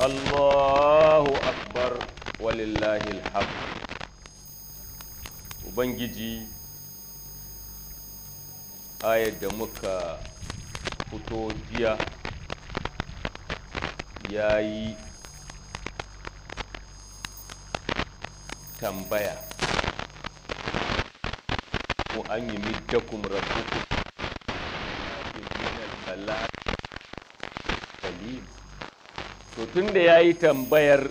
Allahu akbar walillahi alhamd Ubangiji ayar da muka fito jiya ya yi tambaya ko an yi middakum rabbukum to tun da ya yi tambayar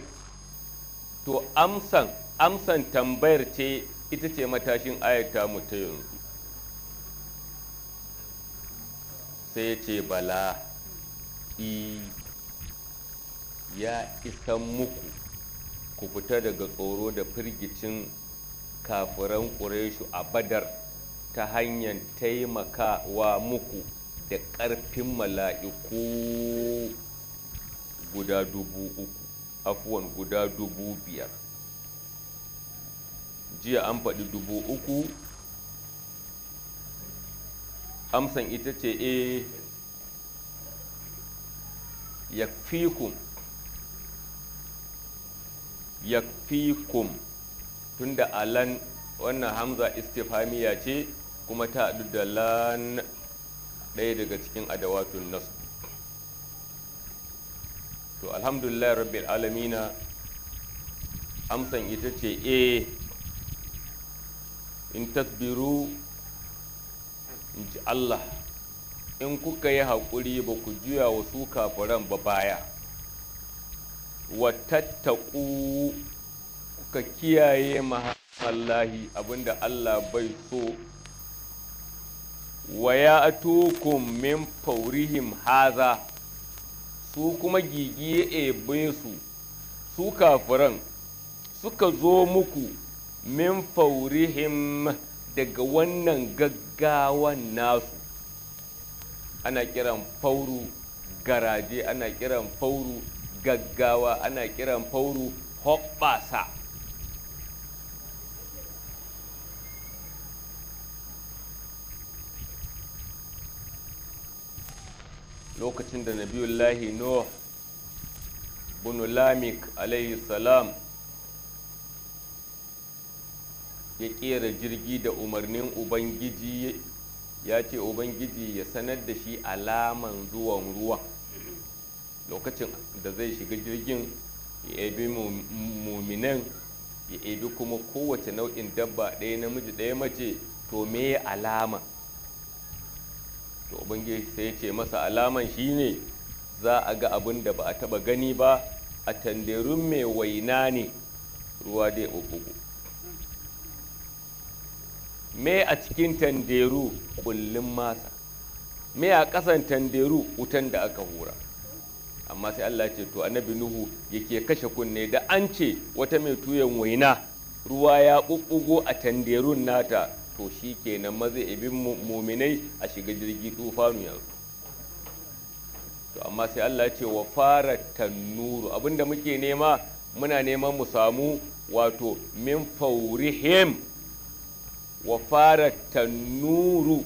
to amsan amsan tambayar ce ita ce matashin ayata mu ta yanzu sai ya ce bala i ya isan muku ku fita daga tsoro da firgicin kafiran ƙureshu a badar ta hanyar taimakawa muku da ƙarfin mala'iku guda dubu uku afuwan guda dubu biyar jiya an faɗi dubu uku amsan ita ce e yakfikum tun tunda alan wannan hamza istifamiya ce kuma ta haɗu da lan ɗaya daga cikin adawatun nasu alhamdulillah rabbil alamina amsan ita ce e in tasbiru in ji Allah in kuka yi haƙuri ba ku juya wa su faran ba baya watattaku kuka kiyaye mahallahi abinda Allah bai so wa ya min faurihim haza su kuma gigi ya ebe su su kafiran suka zo muku min faurihim daga wannan gaggawan nasu ana kiran fauru garaje ana kiran fauru gaggawa ana kiran fauru hoɓɓasa lokacin da nabiyullahi nuh bin lamik alayhi salam ya kera jirgi da umarnin ubangiji ya ce ubangiji ya sanar da shi alaman zuwan ruwa lokacin da zai shiga jirgin ya ebi muminan ya ebi kuma kowace nau'in dabba ɗaya namiji ɗaya mace to me alama to ubangiji sai ya ce masa alaman shine za a ga abin da ba a taba gani ba a tanderun mai waina ne ruwa dai uku me a cikin tanderu kullum masa me a kasan tanderu wutan da aka hura amma sai Allah ce to annabi nuhu yake kashe kunne da an ce wata mai tuyan waina ruwa ya ɓuɓɓugo a tanderun nata to shi nan maza ibin muminai a shiga jirgi tufanu yanzu to amma sai Allah ce wa fara tannuru abinda muke nema muna neman mu samu wato min faurihim wa fara tannuru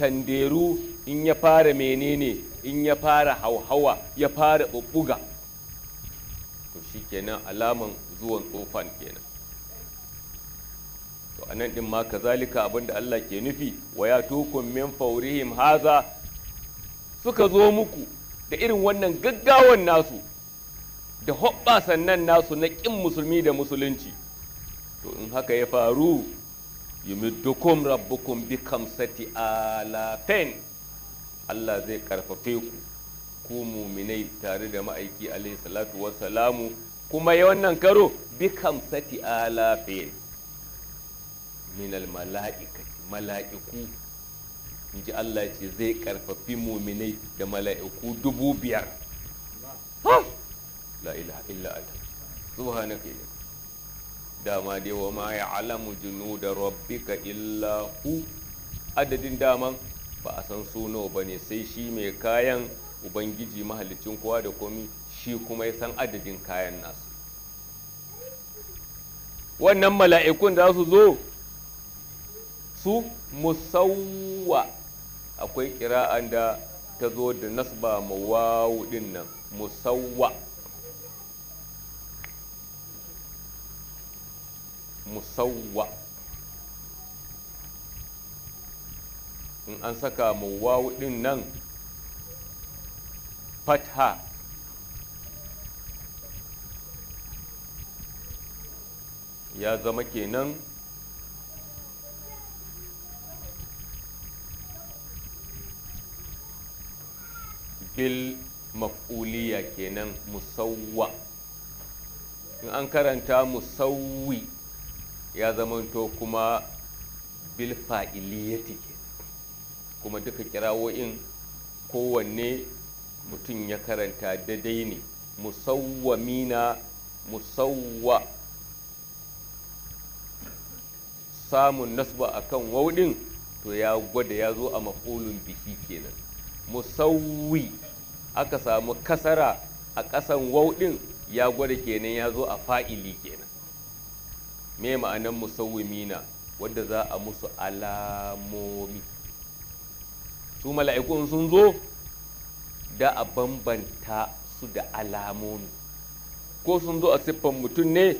tanderu in ya fara menene in ya fara hauhawa ya fara bubbuga to shikenan alaman zuwan tsofan kenan a nan ɗin ma kazalika abin da Allah ke nufi wa ya tukun min faurihim haza suka zo muku da irin wannan gaggawan nasu da hoɓɓa sannan nasu na ƙin musulmi da musulunci to in haka ya faru yumiddukum rabbukum bi kamsati alafen Allah zai karfafe ku ku muminai tare da ma'aiki alaihi salatu wassalamu kuma ya wannan karo bi kamsati alafen minal mala'ika mala'iku in ji Allah ce zai karfafi muminai da mala'iku dubu biyar la ilaha illa anta subhanaka ya dama dai wa ma ya'lamu junuda rabbika illa hu adadin dama ba a san su nawa bane sai shi mai kayan ubangiji mahalicin kowa da komi shi kuma ya san adadin kayan nasu wannan mala'ikun da su zo su musawwa akwai kira'an da ta zo da nasba mawawu din nan musawwa musawwa in an saka mawawu din nan fatha ya zama kenan bil maf'uliya kenan musawwa in an karanta musawwi ya zamanto kuma bil fa'iliyati kuma duka kirawo'in kowanne mutum ya karanta daidai ne musawwamina musawwa samun nasba akan waudin to ya gwada ya zo a maf'ulun bihi kenan musawwi aka samu kasara a ƙasan wauɗin ya gwada kenan ya zo a fa'ili kenan me ma'anan mina wadda za a musu alamomi su mala'ikun sun zo da a bambanta su da alamomi ko sun zo a siffan mutum ne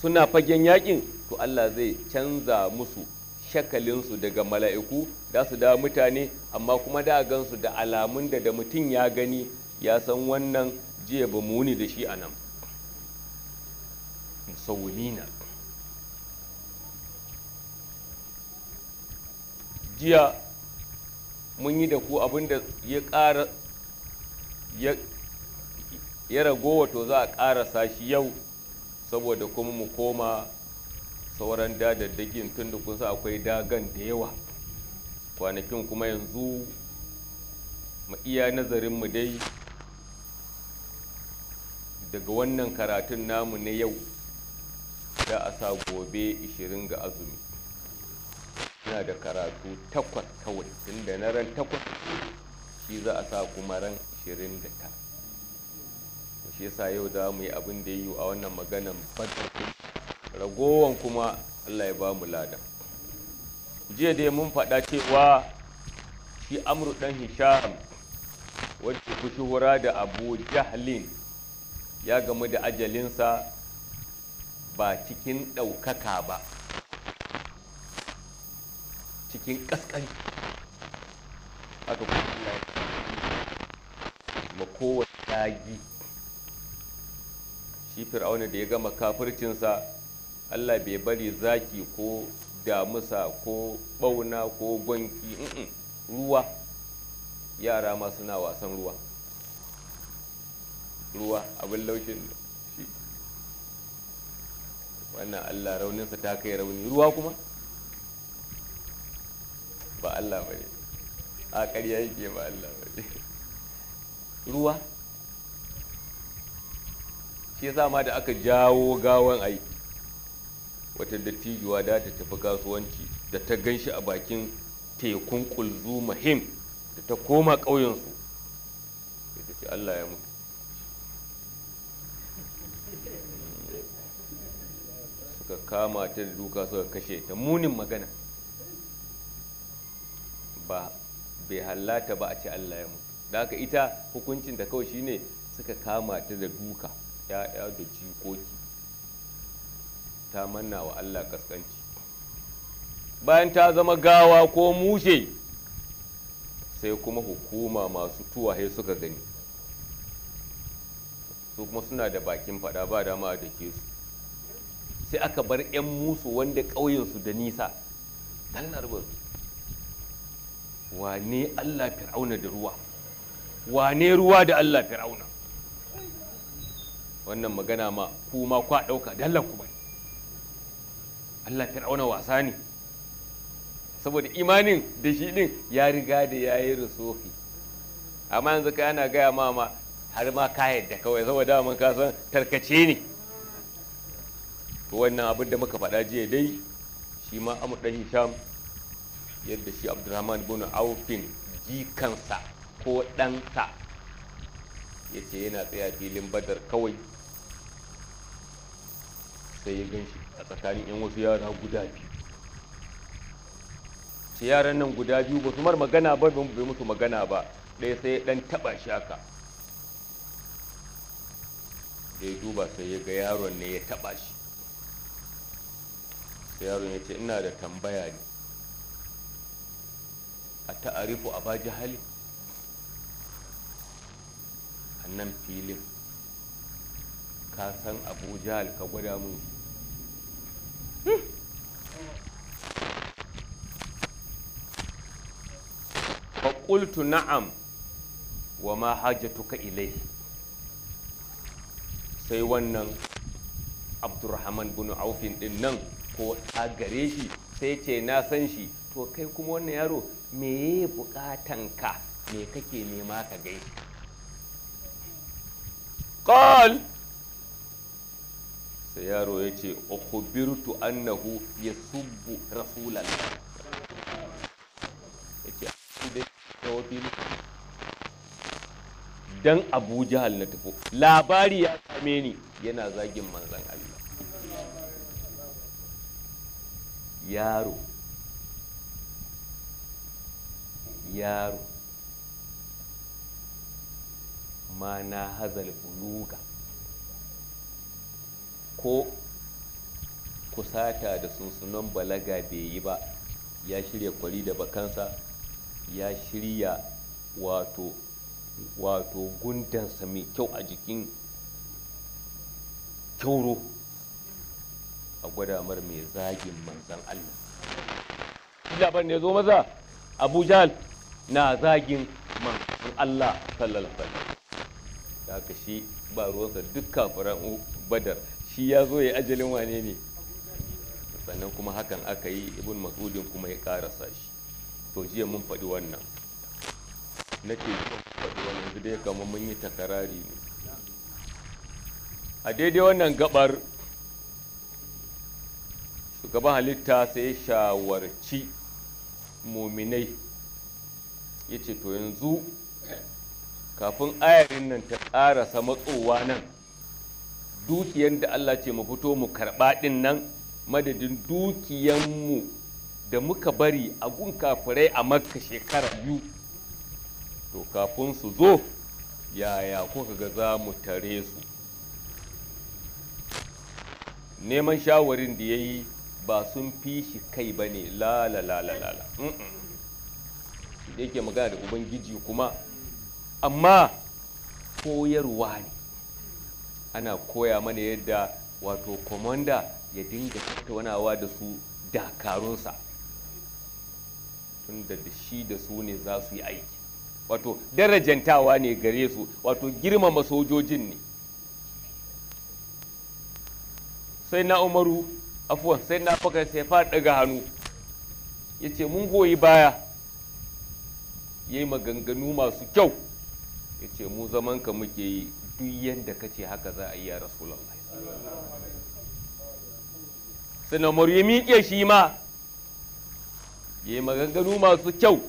suna fagen yakin to Allah zai canza musu shakalinsu daga mala'iku da su da mutane amma kuma da gansu da alamun da da mutum ya gani ya san wannan jiya ba muni da shi a nan musawwimina jiya mun yi da ku abin da ya ƙara ya ragowa to za a ƙarasa shi yau saboda kuma mu koma sauran dadaddagin tun da kusa akwai dagan da yawa kwanakin kuma yanzu mu iya nazarinmu dai daga wannan karatun namu na yau za a sa gobe 20 ga azumi yana da karatu takwas kawai tun da na ran takwas shi za a sa kuma ran 29 shi yasa yau za mu yi abin da yi a wannan maganan bakin ragowan kuma Allah ya ba mu lada jiya dai mun faɗa cewa shi amru ɗan hisham wacce ku shuhura da abu jahlin ya gamu da ajalinsa ba cikin ɗaukaka ba cikin ƙasƙanci haka kuma ma kowace tagi shi fir'auna da ya gama kafircinsa allah bai bari zaki ko damusa ko bauna ko gwanki ruwa yara ma suna wasan ruwa ruwa abin laushin shi wannan allah rauninsa ta kai rauni ruwa kuma ba allah ba ne a ƙarya yake ba allah ba ne ruwa shi yasa ma da aka jawo gawan aiki wata dattijuwa da ta tafi kasuwanci da ta gan shi a bakin tekun kulzu mahim da ta koma ƙauyensu da ta ce allah ya mutu suka kama ta da duka suka kashe ta munin magana ba bai hallata ba a ce allah ya mutu da haka ita hukuncin da kawai shine suka kama ta da duka 'ya'ya da jikoki ta manna wa Allah kaskanci bayan ta zama gawa ko mushe sai kuma hukuma masu tuwaye suka gani su kuma suna da bakin fada ba dama da ke su sai aka bar 'yan musu wanda ƙauyensu da nisa su wane Allah fir'auna da ruwa wane ruwa da Allah fir'auna wannan magana ma kuma kwa ɗauka dallar kuma Allah fir'auna wasa ne saboda imanin da shi din ya riga da ya yi rusufi amma yanzu ka ana gaya ma har ma ka yadda kawai saboda mun ka san tarkace ne to wannan abin da muka faɗa jiya dai shi ma amu dan hisham yadda shi abdurrahman ibn aufin jikansa ko ɗansa ya ce yana tsaya filin badar kawai sai ya ganshi. a tsakanin yan wasu yara guda biyu yaran nan guda biyu ba su mar magana ba bai musu magana ba ɗaya sai ɗan taɓa shi haka da ya duba sai ya ga yaron ne ya taɓa shi sai yaron ya ce ina da tambaya ne a ta'arifu a ba hali a nan filin ka san abu jihal ka gwada mun qultu na'am wa ma hajatuka ilai sai wannan abdurrahman bin aufin din nan ko a gare shi sai ce na san shi to kai kuma wannan yaro me bukatan ka me kake nema ka gai qal sai yaro ya ce ukhbirtu annahu yasubbu rasulallah fili dan abu jahal na tafi labari ya same ni yana zagin manzan allah yaro yaro ma na hazal buluga ko kusata da sunsunan balaga bai yi ba ya shirya kwari da bakansa ya shirya wato wato sa mai kyau a jikin kyauro a gwada mar mai zagin manzan Allah labar ne zo maza abu Jahl na zagin manzan Allah sallallahu alaihi wasallam. haka shi ba ruwansa dukkan kafiran badar shi ya zo ya ajalin wane ne sannan kuma hakan aka yi ibn mas'udin kuma ya karasa shi to jiya mun faɗi wannan na ce faɗi wannan yanzu dai kamar mun yi takarari ne a daidai wannan gabar shugaban halitta sai ya shawarci muminai ya ce to yanzu kafin ayarin nan ta ƙarasa matsowa nan dukiyar da allah ce mu fito mu karɓa ɗin nan madadin dukiyanmu da muka bari a gun kafirai a makka shekara biyu to kafin su zo yaya kuka ga za mu tare su neman shawarin da ya yi ba sun fi shi kai ba ne lalalalalala da yake magana da ubangiji kuma amma koyarwa ne ana koya mana yadda wato komanda ya dinga tattaunawa da su dakarunsa tunda da shi da su ne za su yi aiki wato darajantawa ne gare su wato girmama sojojin ne sai na umaru afuwan sai na faka sai fa daga hannu ya ce mun goyi baya ya yi maganganu masu kyau ya ce mu zamanka muke yi duk yadda ka ce haka za a yi ya rasulallah sai na umaru ya miƙe shi ma ya yi maganganu masu kyau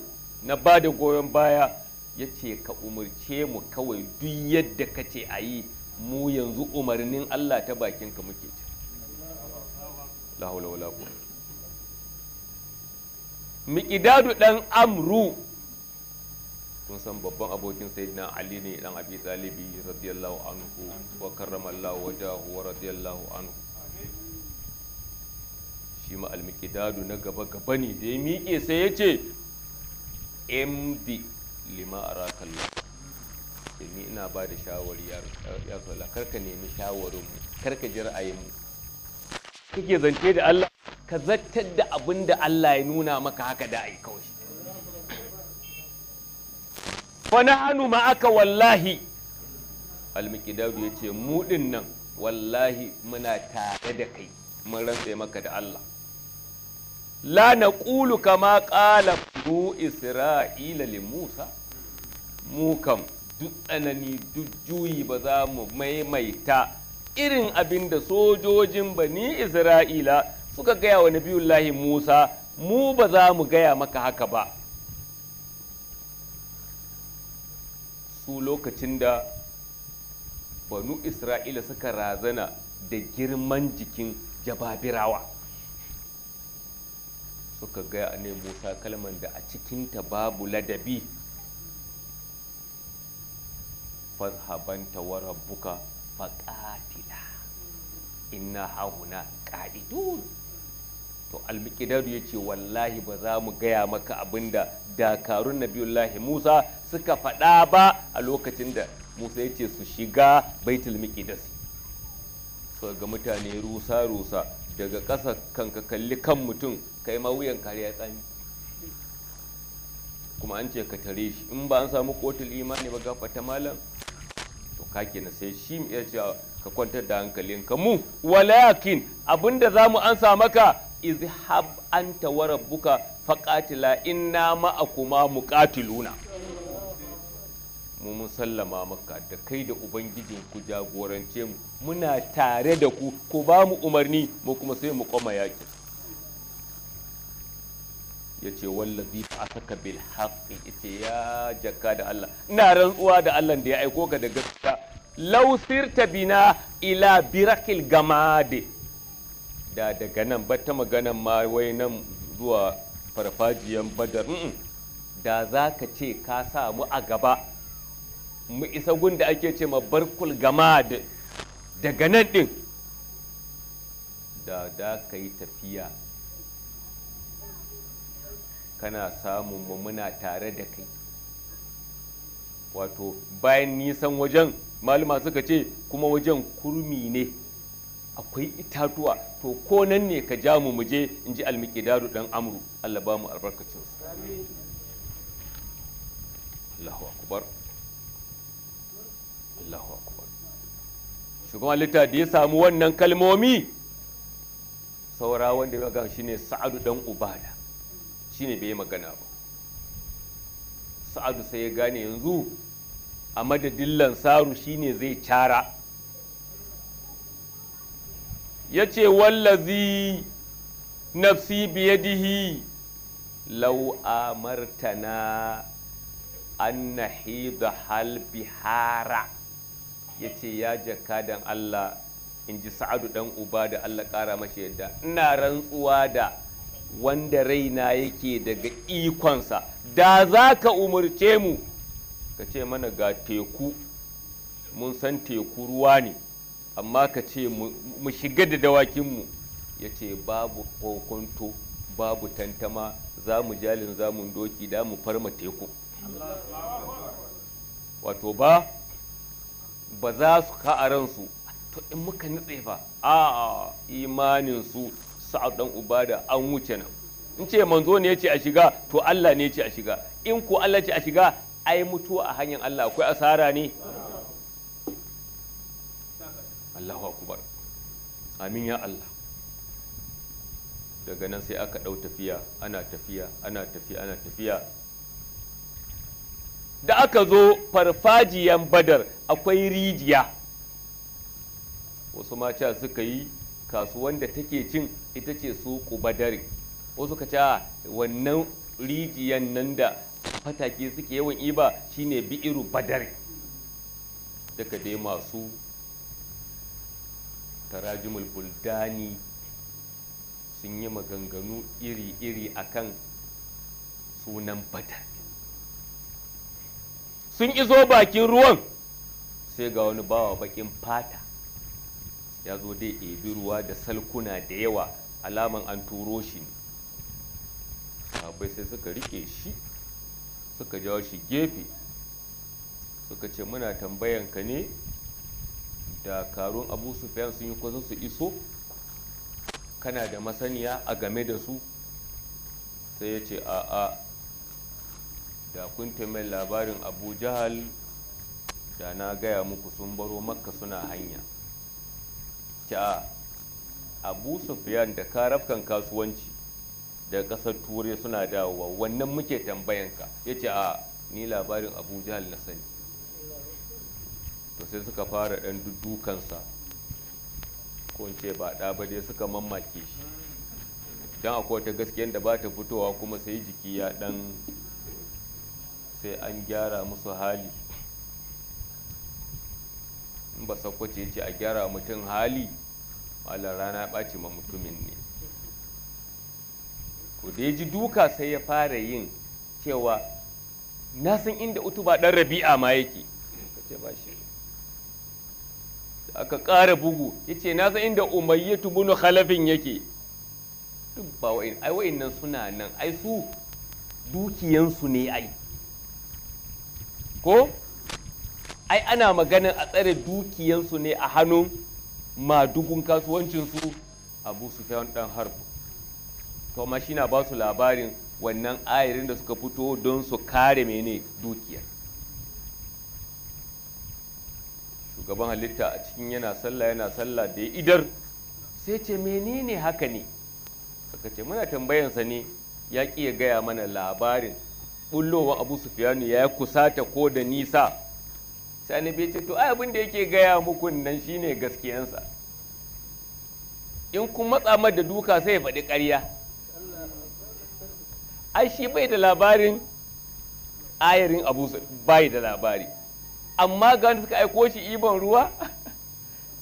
na ba da goyon baya ya ce ka umarce mu kawai duk yadda ka ce a yi mu yanzu umarnin Allah ta bakinka muke ci miƙidadu ɗan amru kun san babban abokin sayyidina ali ne ɗan abi talibi radiyallahu anhu wa karramallahu wajahu wa radiyallahu anhu shi ma na gaba gaba ne da ya miƙe sai ya ce md lima arakallah eh, ni ina ba da shawari ya sola karka nemi shawarin mu karka ji ra'ayin mu kake zance da Allah ka zartar da abin da Allah ya nuna maka haka da ai kawai fa nahnu aka wallahi ya yace mu din nan wallahi muna tare da kai mun rantsa maka da Allah la ƙulu kama qala bu isra'ila li musa mu kam duk tsanani duk juyi ba za mu maimaita irin abin da sojojin bani isra'ila suka gaya wa nabiyullahi musa mu ba za mu gaya maka haka ba su lokacin da banu isra'ila suka razana da girman jikin jababirawa suka gaya ne musa kalman da a cikinta babu ladabi fazhabanta wa rabbuka faƙatila inna hahuna ƙa'idun to almikidadu ya wallahi ba za mu gaya maka abinda dakarun nabiyullahi musa suka faɗa ba a lokacin da musa ya ce su shiga baitul miqdas ga mutane rusa-rusa daga ƙasa kanka kalli kan mutum kai ma wuyan kariya tsani. kuma an ce ka tare shi in ba an samu kotul imani ba ta malam to ka na sai shi iya cewa ka kwantar da hankalinka mu walakin abinda za mu ansa maka izhab anta wa rabbuka faqatila inna ma'akuma muqatiluna mu musallama maka da kai da ubangijin ku jagorance mu muna tare da ku ku ba mu umarni mu kuma sai mu koma yakin. ya ce wallazi ba saka bil haqqi ita ya jakka da Allah ina rantsuwa da Allah da ya aiko ka da gaskiya law sirta bina ila birakil gamade da daga nan ba ta maganan ma wai nan zuwa farfajiyan badar da za ka ce ka sa mu a gaba mu isa gunda ake ce ma barkul gamad daga nan din da da ka yi tafiya kana samun mu muna tare da kai wato bayan nisan wajen malama suka ce kuma wajen kurmi ne akwai itatuwa to ko nan ne ka ja mu muje in ji almikidaru dan amru Allah ba mu albarkacin su Allahu akbar Allahu akbar shugaban litta da ya samu wannan kalmomi saura wanda ya ga ne Sa'adu dan Ubada shine bai magana ba sa'adu sai ya gane yanzu a madadin lansaru shine zai cara ya ce wallazi nafsi biyadihi lau amartana an nahida hal bihara ya ce ya jaka jakadan Allah in ji sa'adu dan uba da Allah kara mashi yadda ina rantsuwa da wanda raina yake daga ikonsa da za ka umarce mu ka ce mana ga teku mun san teku ruwa ne amma ka ce mu shiga da dawakinmu ya ce babu kokonto babu tantama za mu jalin zamun doki da mu farma teku wato ba ba za su ka a ransu to in muka nitse fa a imaninsu sa'ad dan ubada an wuce nan in ce manzo ne yace ce a shiga to Allah ne yace ce a shiga in ko Allah ce a shiga ai mutuwa a hanyar Allah akwai asara ne Allahu akbar amin ya Allah daga nan sai aka ɗau tafiya ana tafiya ana tafiya ana tafiya da aka zo farfajiyan badar akwai rijiya wasu mata suka yi kasuwan da take cin ita ce suku badari wasu suka ce ah, wannan rijiyan nan da fatake suke yawan iba shine bi'iru badari daga dai masu tarajimul buldani sun yi maganganu iri-iri a kan sunan badar sun iso bakin ruwan sai ga wani bawa bakin fata ya zo dai ebi ruwa da salkuna da yawa alaman an turo shi ne sahabbai sai suka rike shi suka jawo shi gefe suka ce muna tambayan ka ne dakarun abu sufyan sun yi kusa su iso kana da masaniya a game da su sai ya ce a'a da kun mai labarin abu jahal da na gaya muku sun baro maka suna hanya ta abu sufiyan da karafkan kasuwanci da kasar turai suna dawowa wannan muke tambayanka ya ce a ni labarin abu jihar na sani to sai suka fara ɗan dukkansa ko ce ba da ba dai suka mammake shi don akwai wata gaskiyar da ba ta fitowa kuma sai jiki ya ɗan sai an gyara musu hali ba sakwace ce a gyara mutum hali malar rana ɓaci ma mutumin ne kudeji da ji duka sai ya fara yin cewa na san inda utuba ɗan rabi'a ma yake da aka ƙara bugu ya ce na san inda umayyatu bunu khalafin yake duk ba wa'in ai wa'in nan suna nan ai su dukiyansu ne ai ko ai ana maganin a tsare dukiyansu ne a hannun madugun kasuwancinsu abu su dan harb to ma shi na ba su labarin wannan ayarin da suka fito don su kare mene dukiyar shugaban halitta a cikin yana sallah yana sallah da ya idar sai ce menene haka ne suka ce muna tambayansa ne ya ƙi ya gaya mana labarin bullowa abu sufiyanu ya kusata ko da nisa sani bai ce to ai abin da yake gaya muku nan shine gaskiyansa in kun matsa mar da duka sai ya faɗi ƙarya ai shi bai da labarin ayarin abu bai da labari amma ga suka aiko shi iban ruwa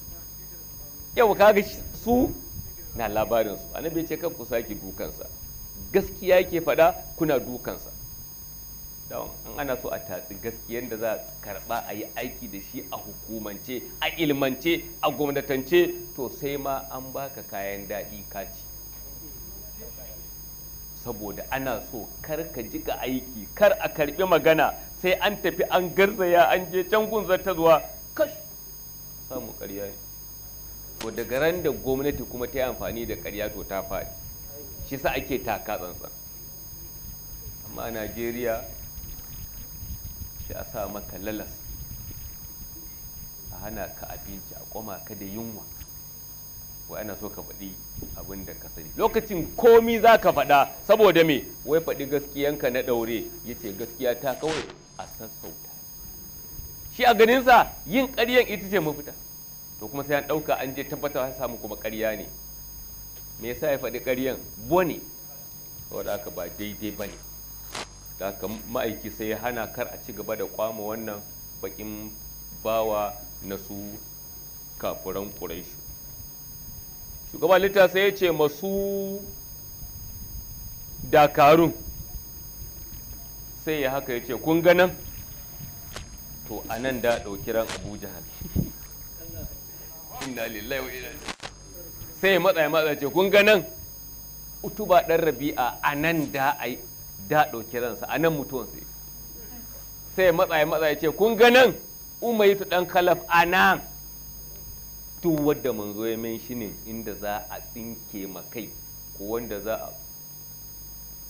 yau kaga su na labarin annabi ce kan ku sake dukansa gaskiya yake faɗa kuna dukansa don an ana so a tatsi gaskiyar da za a karba a yi aiki da shi a hukumance a ilmance a gwamnatance to sai ma an baka kayan daɗi kaci saboda ana so kar ka jika aiki kar a karbi magana sai an tafi an garzaya an je can gunzar ta zuwa kash samu karya ne to daga ran da gwamnati kuma ta yi amfani da karya to ta faɗi shi sa ake taka tsantsan amma a najeriya sai a sa maka lalas a hana ka abinci a kwama ka da yunwa wai ana so ka faɗi abin da ka sani lokacin komi za ka faɗa saboda me wai faɗi gaskiyanka na ɗaure ya ce gaskiya ta kawai a sassauta shi a ganinsa yin ƙaryan ita ce mafita to kuma sai an ɗauka an je tabbata ya samu kuma ƙarya ne me yasa ya faɗi ƙaryan bone saboda haka ba daidai bane ne da haka ma'aiki sai ya hana kar a ci gaba da kwama wannan bakin bawa na su kafuran ƙuraishu shugaban litta sai ya ce masu dakarun sai ya haka ya ce kun ganan to a nan da ɗauki ran abu jihar inna lillahi wa sai ya matsa ya matsa ce kun ganan utuba ɗan rabi'a a nan da a da ɗauki ransa a nan mutuwan sai sai ya matsa ce kun ga nan umayi ta ɗan kalaf a nan duk wadda manzo ya min shi ne inda za a tsinke makai ko wanda za a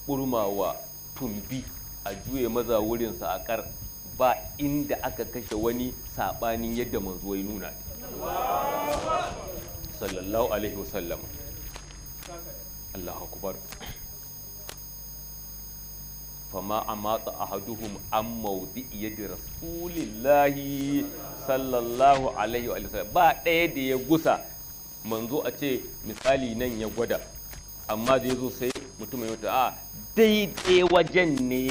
ɓurmawa tumbi a juye maza wurinsa a kar ba inda aka kashe wani saɓanin yadda manzo ya nuna sallallahu alaihi wasallam Allah fama amata ahaduhum an maudi yadi rasulillahi sallallahu alaihi wa sallam ba ɗaya da ya gusa manzo a ce misali nan ya gwada amma zai zo sai mutum ya a daidai wajen ne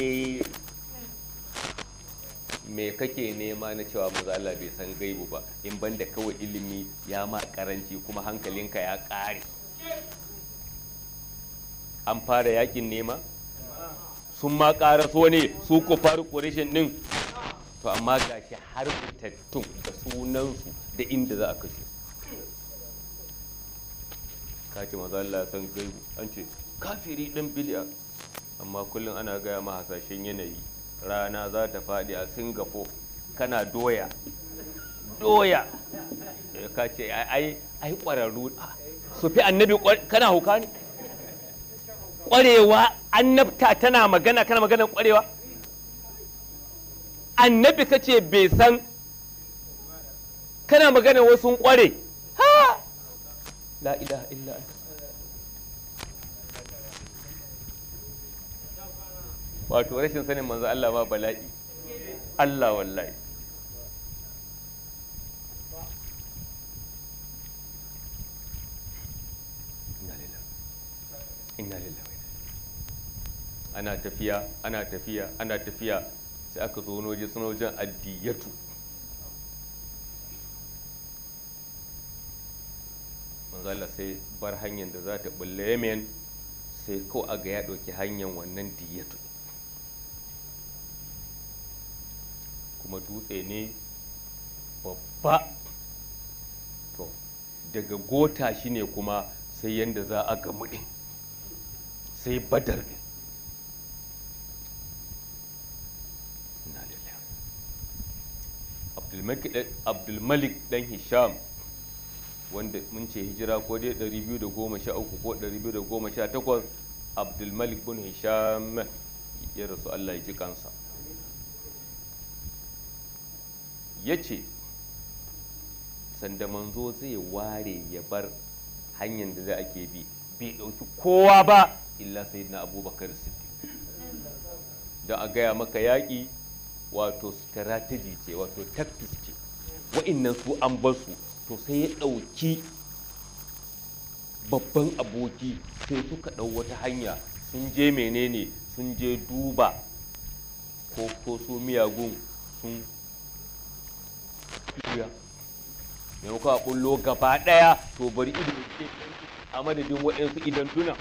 me kake nema na cewa mazala bai san gaibu ba in banda kawai ilimi ya ma karanci kuma hankalinka ya ƙare an fara yakin nema sun ma karaso ne su faru ƙorishin ɗin to amma gashi har fitattun da sunansu da inda za a kashe ka ce maza Allah san gai an ce kafiri ɗin bili'a amma kullum ana gaya ma hasashen yanayi rana za ta faɗi a singapore kana doya doya ka ce ai ai ƙwararru su fi annabi kana hauka ne ƙwarewa annabta tana magana kana maganar ƙwarewa annabi ka ce bai san kana magana wasu ƙware ha la ilaha illa wato rashin sanin manzo Allah ba bala'i Allah wallahi ana tafiya ana tafiya ana tafiya sai aka zo noje suna wajen addiyatu manzala sai bar hanyar da za ta bulle yamen sai kawai aga ya ɗauki hanyar wannan diyatu kuma dutse ne babba to daga gota shine kuma sai yadda za a gamu sai badar ne Eh, abdulmalik dan hisham wanda mun ce hijira ko dai 213 ko 218 abdulmalik bin hisham ya rasu allah ya ji kansa ya ce sanda manzo zai ware ya bar hanyar da za a ke bi bai ɗauki kowa ba illa sai na abubakar siddiq don a gaya maka yaƙi wato strategy ce wato tactics ce wa'innan su an su to sai ya ɗauki babban aboki sai suka ɗau wata hanya sun je menene sun je duba ko ko su miyagun sun iya maimakon a ɓullo gaba ɗaya to bari ido a madadin waɗansu idan tuna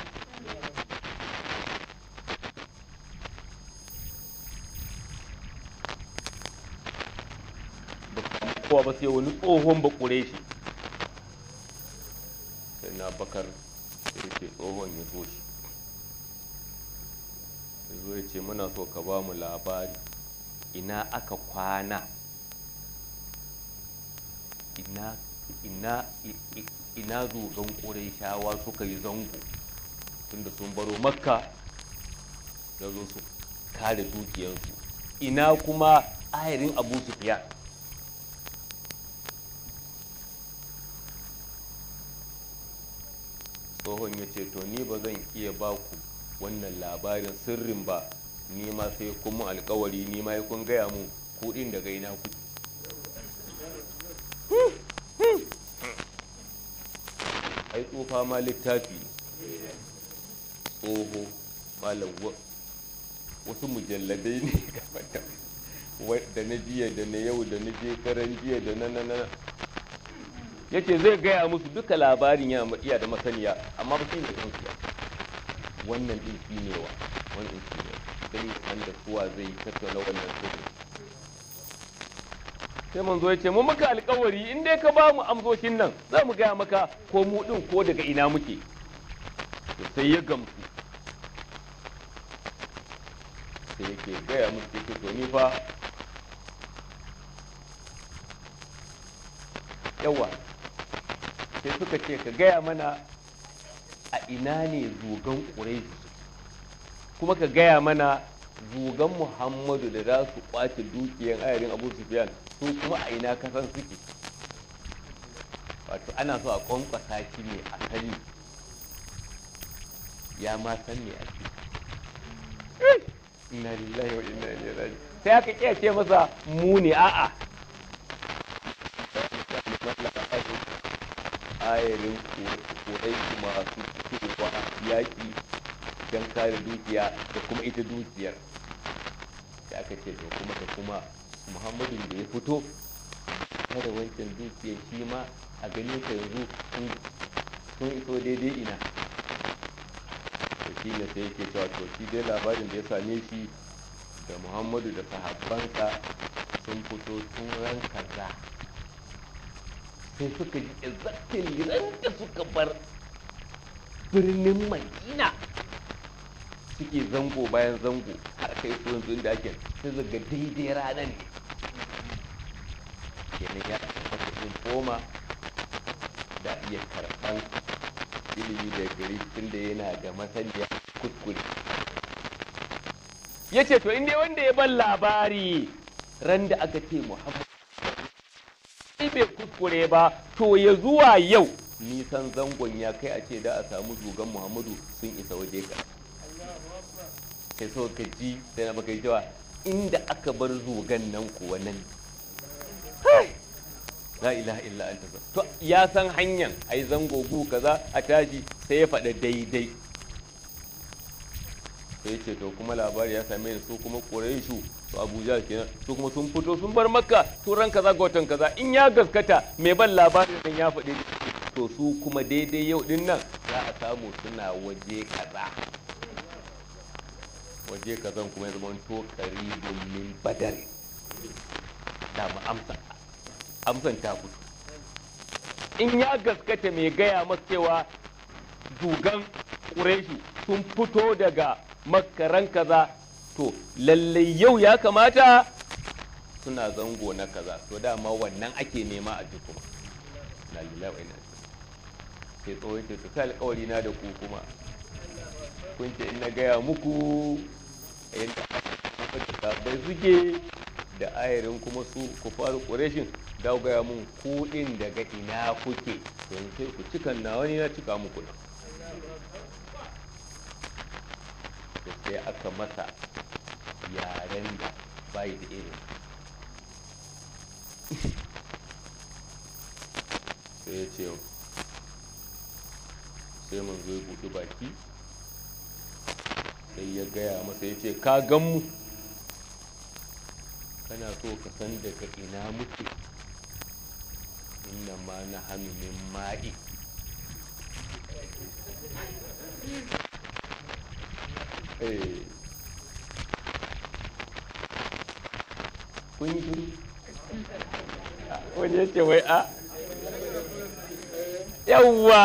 kowa ba sai wani tsohon ba ƙure shi sai na bakar ya ce tsohon ya zo shi ya zo ya ce muna so ka ba mu labari ina aka kwana ina ina ina zogon suka yi zango tunda sun baro makka ya zo su kare dukiyarsu ina kuma ayarin abu fiya? tsohon ya ce to ni ba zan iya ba ku wannan labarin sirrin ba ni ma sai kuma alkawari ni ma kun gaya mu din da gaina ku ai tsofa ma littafi tsoho malam wasu mujalladai ne da na jiya da na yau da na je karan jiya da na na yace zai gaya musu duka labarin ya iya da masaniya amma ba shi ne gaskiya wannan din shi ne wa wannan shi ne gani wanda kowa zai tattauna wannan sirri sai manzo ya ce mu maka alkawari in dai ka ba mu amsoshin nan za mu gaya maka ko mu din ko daga ina muke sai ya gamsu sai yake gaya musu yake to ni fa yawa sai suka ce ka gaya mana a ina ne zugan ƙuraishi kuma ka gaya mana zugan muhammadu da za su kwace dukiyan ayarin abu sufiyan su kuma a ina kasan suke wato ana so a kwankwasa shi ne sani ya ma san ne a ce ina lillahi wa ina ilaihi sai aka ce masa mu ne a'a ayarin kodai masu fitowa yaƙi don kare dukiya da kuma ita dukiyar da aka ce da kuma da kuma muhammadin da ya fito kada wancan dukiyar shi ma a gani ta yanzu sun iso daidai ina da shi ne sai yake cewa to shi dai labarin da ya same shi da muhammadu da sahabbansa sun fito tun ran kaza sai suka ji liran da suka bar birnin madina suke zango bayan zango har kai su yanzu inda ake sai zaga daidai rana ne kenan ya tabbata sun koma da iya karɓan ilimi da gari tunda yana da masaniya kuskure ya ce to inda wanda ya ban labari ran da aka ce muhammad kuskure ba to ya zuwa yau nisan zangon ya kai a ce da a samu zugan muhammadu sun isa waje ka sai so ka ji sai na baka cewa inda aka bar zugan nan kuwa nan la ilaha illa anta to ya san hanyar ai zango gu kaza a taji sai ya faɗa daidai sai ce to kuma labari ya same ni su kuma ƙurayshu to abuja kenan to kuma sun fito sun bar makka to ran kaza ga watan kaza in ya gaskata mai ban labarin nan ya faɗi to su kuma daidai yau din nan za a samu suna waje kaza waje kazan kuma ya zama to karibun min badar da mu amsa amsan ta fito in ya gaskata mai gaya masa cewa dugan ƙureshi sun fito daga makaran kaza to lallai yau ya kamata suna zango na kaza to dama wannan ake nema a ji kuma la ilaha illa sai tsohon ce to ta alƙawari na da ku kuma kun ce in na gaya muku yadda bai suke da ayarin kuma su ku faru ƙureshin da gaya mun kuɗin daga ina kuke to sai ku cikan na wani na cika muku da sai aka masa yaren da bai da irin sai ya ce sai manzo ya buɗe baki sai ya gaya masa ya ce ka gan mu kana so ka san daga ina muke inda ma na hannunin ma'i Hey. Eh. yawwa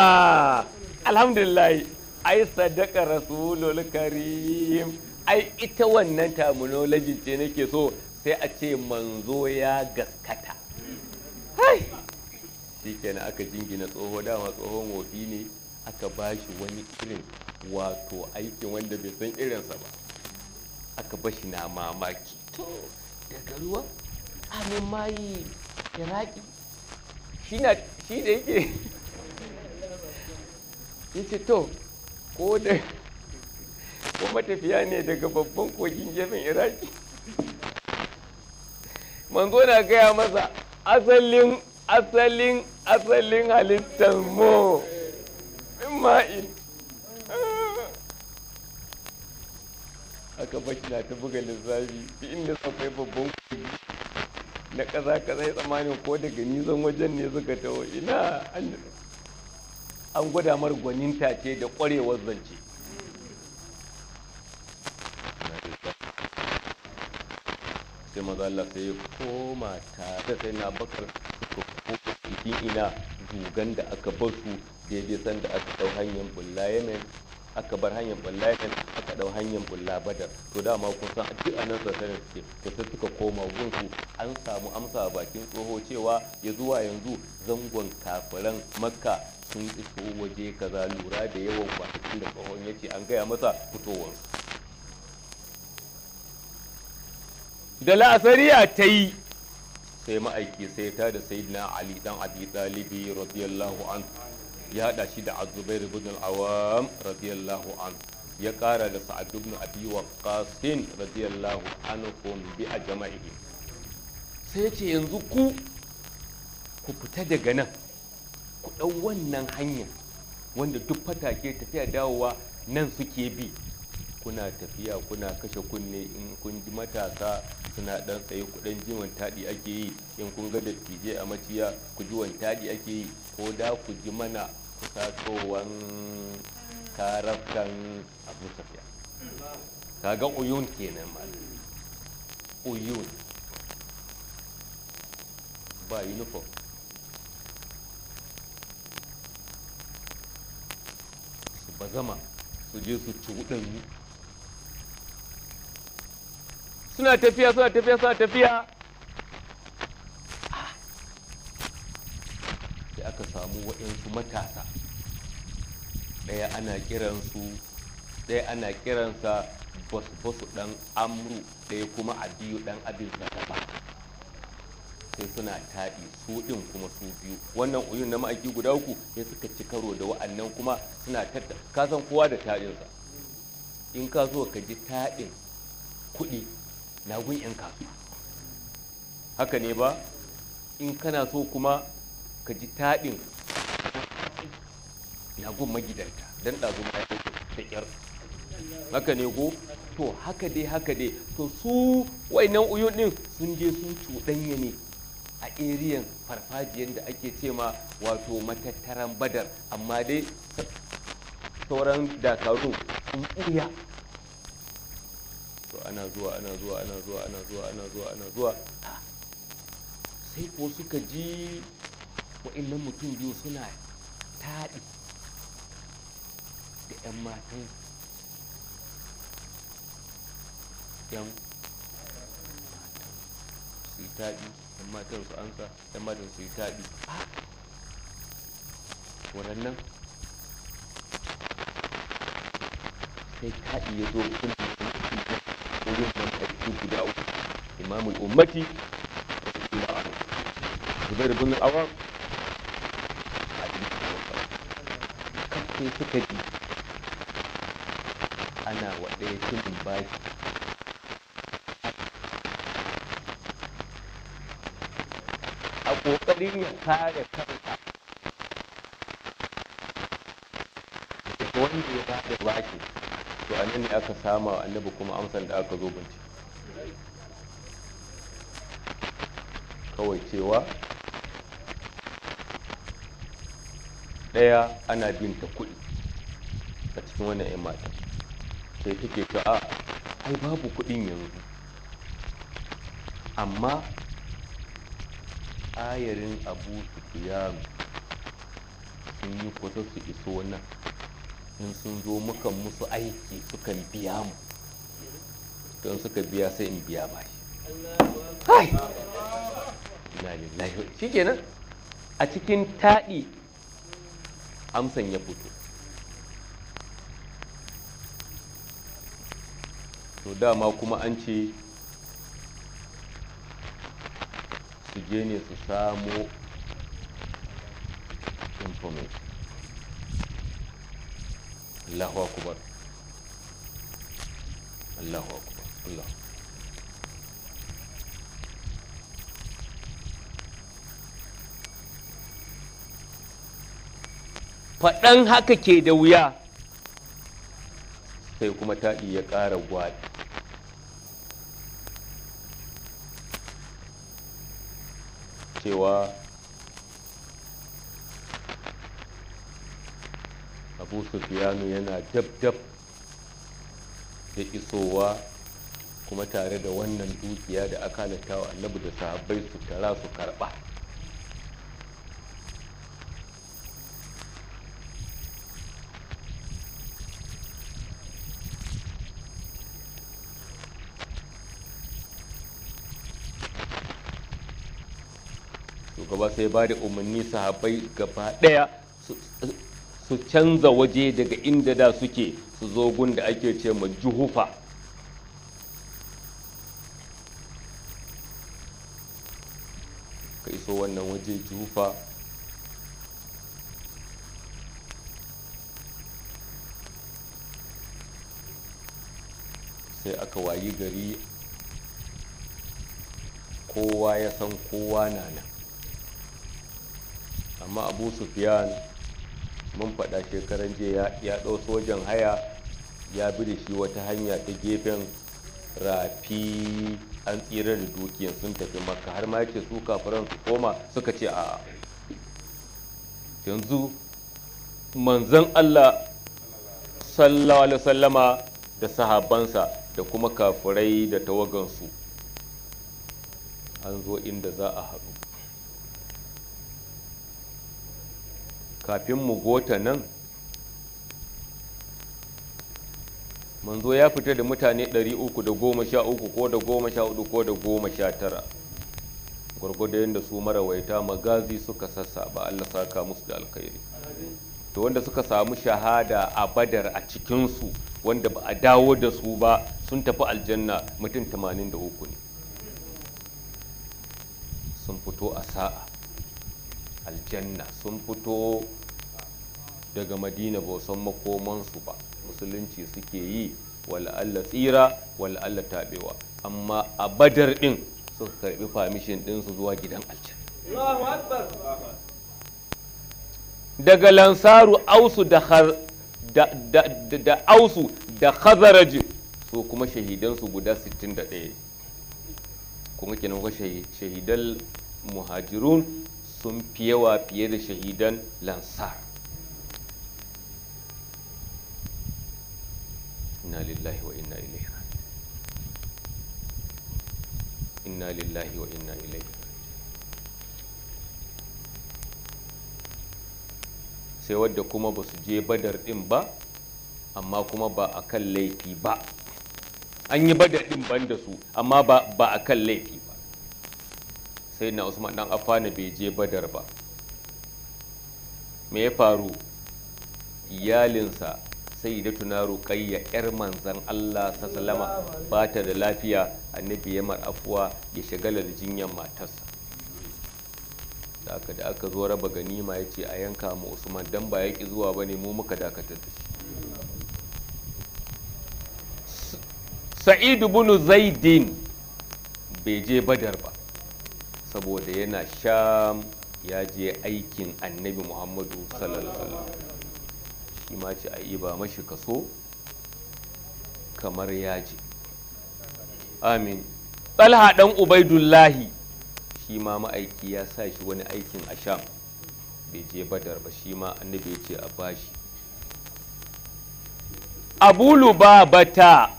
alhamdulillah ai sadaka rasulul karim ai ita wannan terminology ce nake so sai a ce manzo ya gaskata hai shi kenan aka jingina tsoho dama tsohon wofi ne aka ba shi wani irin wato aikin wanda bai san irinsa ba aka ba shi na mamaki daga ruwa amin mayi iraki shi da yake ya to ko da ko matafiya ne daga babban kogin gefen iraki manzo na gaya masa asalin asalin asalin halittar mo ma'in aka baki na ta buga lissafi inda safai babban kogi na kaza kaza ya tsammanin ko daga nisan wajen ne suka taho ina an gwada mar gwanin tace da kwarewar zance sai maza Allah sai koma koma tare sai na bakar cikin ina dugan da aka basu daidai sanda aka dau hanyar bulla aka bar hanyar bulla suka dau hanyar bulla badar to dama kun san duk anan sassanin suke to sai suka koma gunsu an samu amsa bakin tsoho cewa ya zuwa yanzu zangon kafiran makka sun iso waje kaza lura da yawan kwanakin da tsohon ya ce an gaya masa fitowar da la'asariya ta yi sai ma'aiki sai ta da na ali dan abi talibi radiyallahu an ya hada shi da azubairu bin al-awam radiyallahu an ya kara da sa'ad ibn abi waqqasin radiyallahu anhum bi ajma'ihi sai yace yanzu ku ku fita daga nan ku ɗau wannan hanya wanda duk ke tafiya dawowa nan suke bi kuna tafiya kuna kashe kunne in kun ji matasa suna ɗan tsaye kuɗin jiwon taɗi ake yi in kun ga dattijai a maciya ku ji taɗi ake yi ko da ku ji mana tsohon ka rafkan abu tafiya kaga uyun kenan ma uyun ba uniform su bazama su je su ci wudanni suna tafiya suna tafiya suna tafiya ah. sai aka samu waɗansu matasa daya ana kiransu ɗaya ana kiransa basu basu dan amru daya kuma a biyu ɗan abin ba sai suna taɗi su ɗin kuma su biyu wannan uyun na ma'aiki guda uku ne suka ci karo da wa'annan kuma suna tatta kasan kowa da taɗinsa in ka zo ka ji taɗin kuɗi na gun 'yan kasuwa haka ne ba in kana so kuma ka ji taɗin na gun magidanta don ɗazu ma ya ta ƙyar haka ne ko to haka dai haka dai to su wainan uyun ɗin sun je sun cuɗanya ne a eriyan farfajiyan da ake ce ma wato matattaran badar amma dai sauran dakaru sun ƙuriya to ana zuwa ana zuwa ana zuwa ana zuwa ana zuwa ana zuwa sai ko suka ji wainnan mutum biyu suna taɗi 'yan matan yan matan su yi taɗi yan matan su ansa yan matan su yi taɗi waɗannan sai taɗi ya zo mutum da sun fi wurin nan ƙarfi guda uku imamul ummati da bin awam a ɗin suka ji ana wa ɗaya tunin baki a ƙoƙarin ya kare kansa daga wanda ya ba da baki to a nan ne aka sama annabi kuma amsan da aka zo bincike kawai cewa ɗaya ana binta kuɗi a cikin wannan 'yan matan. sai take ta a ah, ai babu kuɗin yanzu amma ayarin abu sufiyanu sun yi kwata su iso nan in sun zo mukan musu aiki sukan biya mu don suka biya sai in biya ba shi na lillahi shi kenan a cikin taɗi amsan ya fito to dama kuma an ce su je ne su samo information Allahu akubar Allahu akubar Allah faɗan haka ke da wuya sai kuma taɗi ya ƙara gwaɗi cewa abu sufiyanu yana dab-dab da isowa kuma tare da wannan dukiya da aka halatta wa annabi da sahabbai su tara su karba sai ba da umarni sahabbai gaba ɗaya su canza waje daga inda da suke su zo gun da ake ce ma juhufa ka iso wannan waje juhufa sai aka wayi gari kowa ya san kowa na nan amma abu sufiyan mun faɗa shekaran jiya ya ɗau sojan haya ya bi da shi wata hanya ta gefen rafi an tsira da dukiyar sun tafi maka har ma yace su kafiran su koma suka ce a yanzu manzon allah sallallahu alaihi da sahabansa da kuma kafirai da tawagansu an zo inda za a haɗu kafin mu gota nan manzo ya fita da mutane 313 ko da 14 ko da 19 gwargwado yadda su marawaita magazi suka sassa ba Allah saka musu da alkhairi to wanda suka samu shahada a badar a cikinsu wanda ba a dawo da su ba sun tafi aljanna mutum 83 ne sun fito a sa'a aljanna sun fito daga madina ba san makomansu ba musulunci suke yi wal'alla tsira wal'alla taɓewa amma a badar din suka karɓi famishin din su zuwa gidan aljanna daga lansaru ausu da ausu da khazaraji su kuma shahidansu guda 61 kuma kenan kuka shahidan muhajirun sun fi yawa fiye da shahidan lansar inna lillahi wa inna ilaihi inna lillahi wa inna ilaihi sai wadda kuma ba su je badar din ba amma kuma ba a kan laifi ba an yi badar din ban da su amma ba a kan laifi sai na usman dan afana bai je badar ba me ya faru iyalinsa sai da tuna ruƙayya 'yar manzan allah sallama ba ta da lafiya annabi ya afuwa ya shagala da jinyar matarsa da aka da aka zo raba ganima ya ce a yanka mu usman dan ba ya zuwa ba ne mu muka dakatar da shi sa'idu bunu zaidin bai je badar ba saboda yana sham ya je aikin annabi muhammadu sallallahu shi ma ce a yi ba mashi kaso kamar ya je amin talha dan ubaidullahi shi ma ma'aiki ya sa shi wani aikin a sham bai je badar ba shi ma annabi ya ce a bashi abu lubabata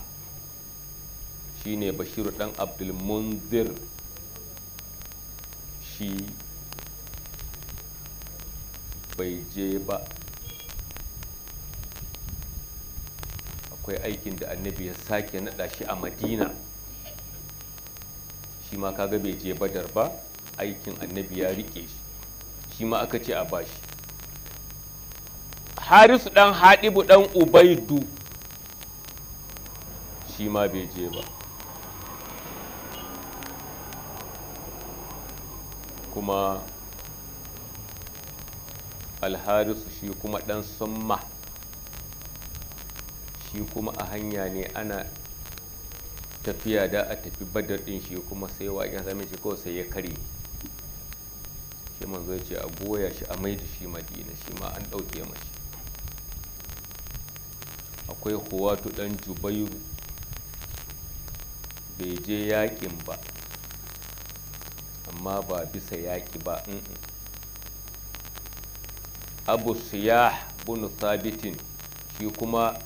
ne bashiru dan abdulmunzir shi bai je ba akwai aikin da annabi ya sake naɗa shi a madina shi ma kaga bai je badar ba aikin annabi ya rike shi shi ma aka ce a bashi harisu ɗan haɗibu dan ubaidu shi ma bai je ba kuma alharisu shi kuma ɗan summa shi kuma a hanya ne ana tafiya da a tafi badar ɗin shi kuma sai waƙen sami shi kawai sai ya kare shi manzo ya ce a goya shi a maida shi madina shi ma an ɗauke mashi akwai huwatu ɗan jubairu bai je yaƙin ba amma ba bisa yaƙi ba abu siyah bunu sabitin shi kuma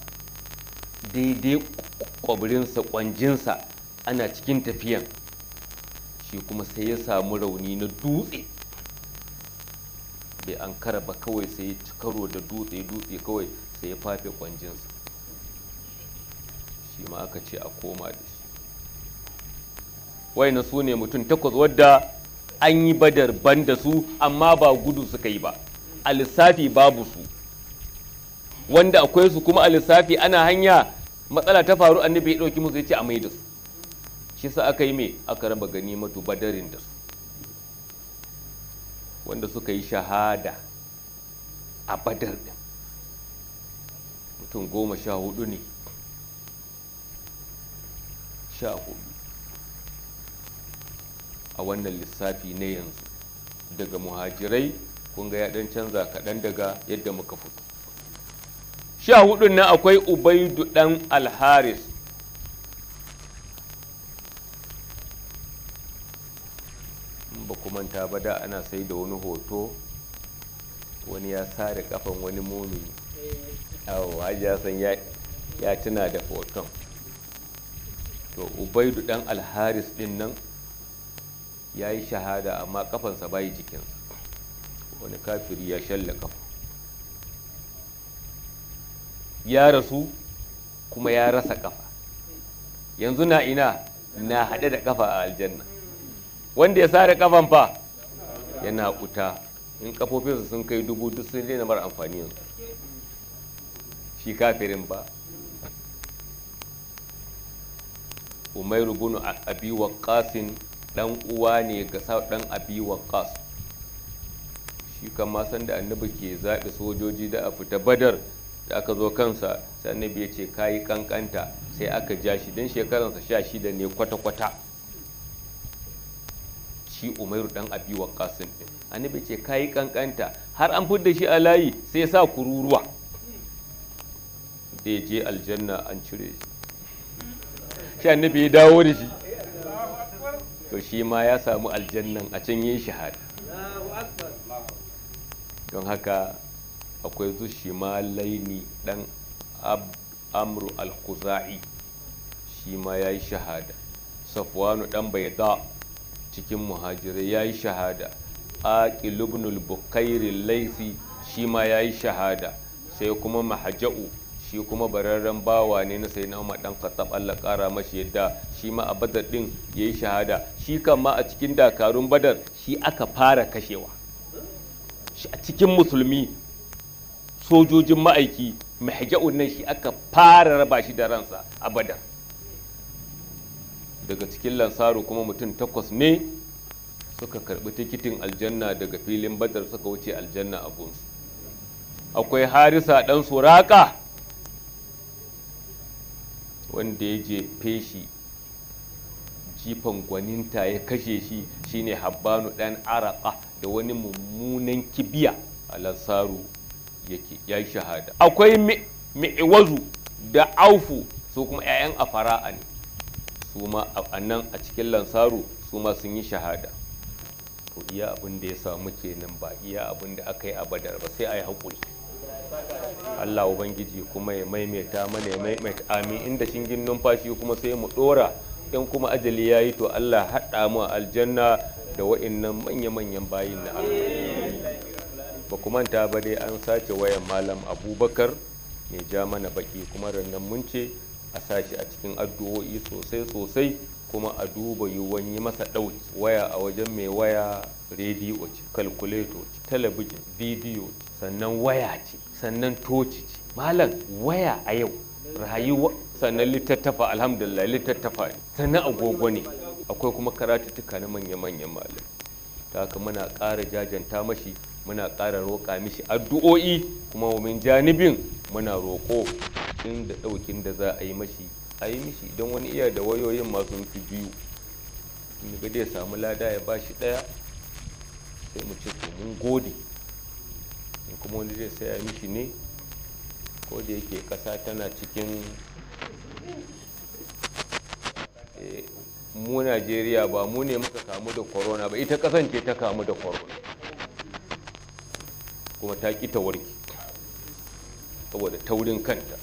daidai ƙwabirinsa ƙwanjinsa ana cikin tafiyan shi kuma sai ya samu rauni na dutse bai an kara ba kawai sai ya ci karo da dutse dutse kawai sai ya fafe ƙwanjinsa shi ma aka ce a koma da shi wai na su ne mutum takwas wadda an yi badar ban da su amma ba gudu suka yi ba a lissafi babu su wanda akwai su kuma a lissafi ana hanya matsala ta faru annabi ya ɗauki musu ya ce a mai da su shi sa aka yi mai aka raba gani matu badarin da su wanda suka yi shahada a badar ɗin mutum goma sha hudu ne sha hudu a wannan lissafi na yanzu daga muhajirai kun ga ya dan canza kaɗan daga yadda muka fito sha hudun nan akwai ubaidu dan alharis ba kuma ba da ana sai da wani hoto wani ya sare kafan wani mumini a hajiya san ya tuna da hoton to ubaidu dan alharis din nan ya yi shahada amma kafansa bayi jikinsa wani kafiri ya shalla kafa ya rasu kuma ya rasa kafa yanzu na ina na haɗe da kafa a aljanna wanda ya sare kafan fa yana kuta in kafofinsa sun kai dubu duk sun daina mara amfani yanzu shi kafirin ba umairu bin abi waqqasin dan uwa ne ga dan abi waqas shi kama san da annabi ke zaɓi sojoji da a fita badar da aka zo kansa sai annabi ya ce kayi kankanta sai aka ja shi don shekaransa sha shida ne kwata-kwata shi umairu dan abi waqas din annabi ya ce kayi kankanta har an fudda shi a layi sai sa kururuwa da je aljanna an cire shi shi annabi ya dawo da shi to shi ma ya samu aljannan a can yi shahada don haka akwai ma shimalaini dan amru al shi ma ya yi shahada safwanu dan da cikin muhajirai ya yi shahada aqil ibn al-bukairi laifi shi ma ya yi shahada sai kuma mahaja'u shi kuma bararren bawa ne na sai umar dan khattab Allah kara mashi yadda shi ma a badar din yayi shahada shi kan ma a cikin dakarun badar shi aka fara kashewa shi a cikin musulmi sojojin ma'aiki mahja'un nan shi aka fara raba shi da ransa a badar daga cikin lansaro kuma mutum takwas ne suka karbi tikitin aljanna daga filin badar suka wuce aljanna a abunsu akwai harisa dan suraka wanda ya jefe shi jifan gwaninta ya kashe shi shine habbanu dan araka da wani mummunan kibiya a yake ya shahada akwai mi'iwazu da aufu su kuma 'ya'yan afara'a ne su ma a nan a cikin lansaru su ma sun yi shahada to iya abin da ya samu kenan ba iya abin da aka yi a badar ba sai a yi haƙuri Allah ubangiji kuma ya maimaita mana ya maimaita amin inda shingin numfashi kuma sai mu dora in kuma ajali ya yi to Allah haɗa mu aljanna da wa'innan manya-manyan bayin na Allah ba ku manta ba dai an sace wayan malam abubakar mai ja mana baki kuma rannan mun ce a sashi a cikin addu'o'i sosai-sosai kuma a duba yiwuwan yi masa ɗauki waya a wajen mai waya rediyo ce kalkuleto ce talabijin bidiyo sannan waya ce sannan toci malam waya a yau rayuwa sannan littattafa alhamdulillah littattafa ne sannan agogo ne akwai kuma karatuttuka na manya-manyan malam ta haka muna kara jajanta mashi muna kara roƙa mishi addu'o'i kuma min janibin muna roƙo inda ɗaukin da za a yi mashi a yi mishi don wani iya da wayoyin masu fi biyu in ga ya samu lada ya ba shi ɗaya sai mu ce mun gode kuma wani zai saya mishi ne ko da yake kasa tana cikin eh, mu najeriya ba mu ne muka kamu da corona ba ita kasance ta kamu da corona kuma ta ki ta warki saboda taurin kanta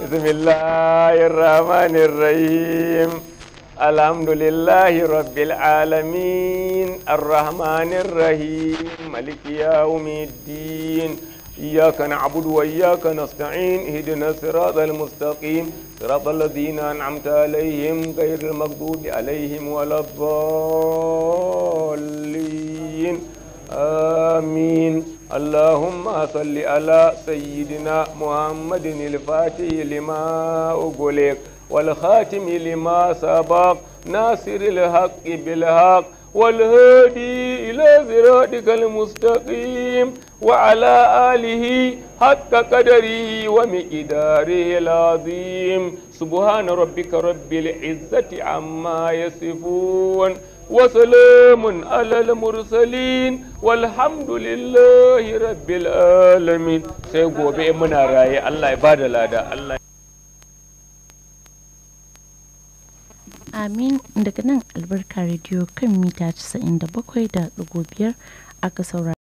bismillahirrahmanirrahim الحمد لله رب العالمين الرحمن الرحيم ملك يوم الدين إياك نعبد وإياك نستعين اهدنا الصراط المستقيم صراط الذين أنعمت عليهم غير المغضوب عليهم ولا الضالين آمين اللهم صل على سيدنا محمد الفاتح لما أغلق والخاتم لما سبق ناصر الحق بالحق والهادي إلى صراطك المستقيم وعلى آله حق قدره ومقداره العظيم سبحان ربك رب العزة عما يصفون وسلام على المرسلين والحمد لله رب العالمين سيقول بإمنا رأي الله إبادة الله Amin daga nan albarka rediyo kan mita 97.5 aka saurara.